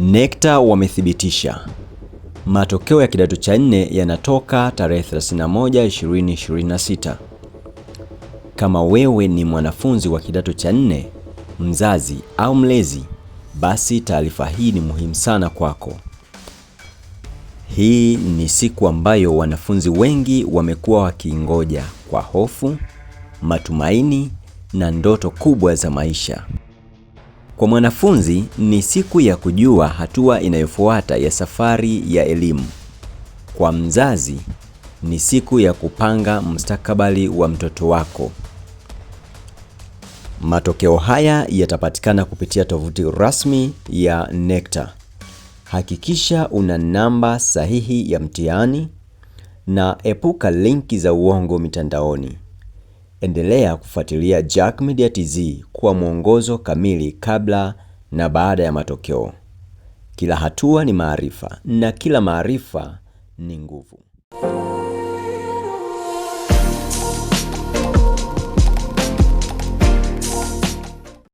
NECTA wamethibitisha matokeo ya kidato cha nne yanatoka tarehe 31 2026. Kama wewe ni mwanafunzi wa kidato cha nne, mzazi au mlezi, basi taarifa hii ni muhimu sana kwako. Hii ni siku ambayo wanafunzi wengi wamekuwa wakiingoja kwa hofu, matumaini na ndoto kubwa za maisha. Kwa mwanafunzi ni siku ya kujua hatua inayofuata ya safari ya elimu. Kwa mzazi ni siku ya kupanga mustakabali wa mtoto wako. Matokeo haya yatapatikana kupitia tovuti rasmi ya NECTA. Hakikisha una namba sahihi ya mtihani na epuka linki za uongo mitandaoni. Endelea kufuatilia Jack Media TZ kwa mwongozo kamili kabla na baada ya matokeo. Kila hatua ni maarifa na kila maarifa ni nguvu.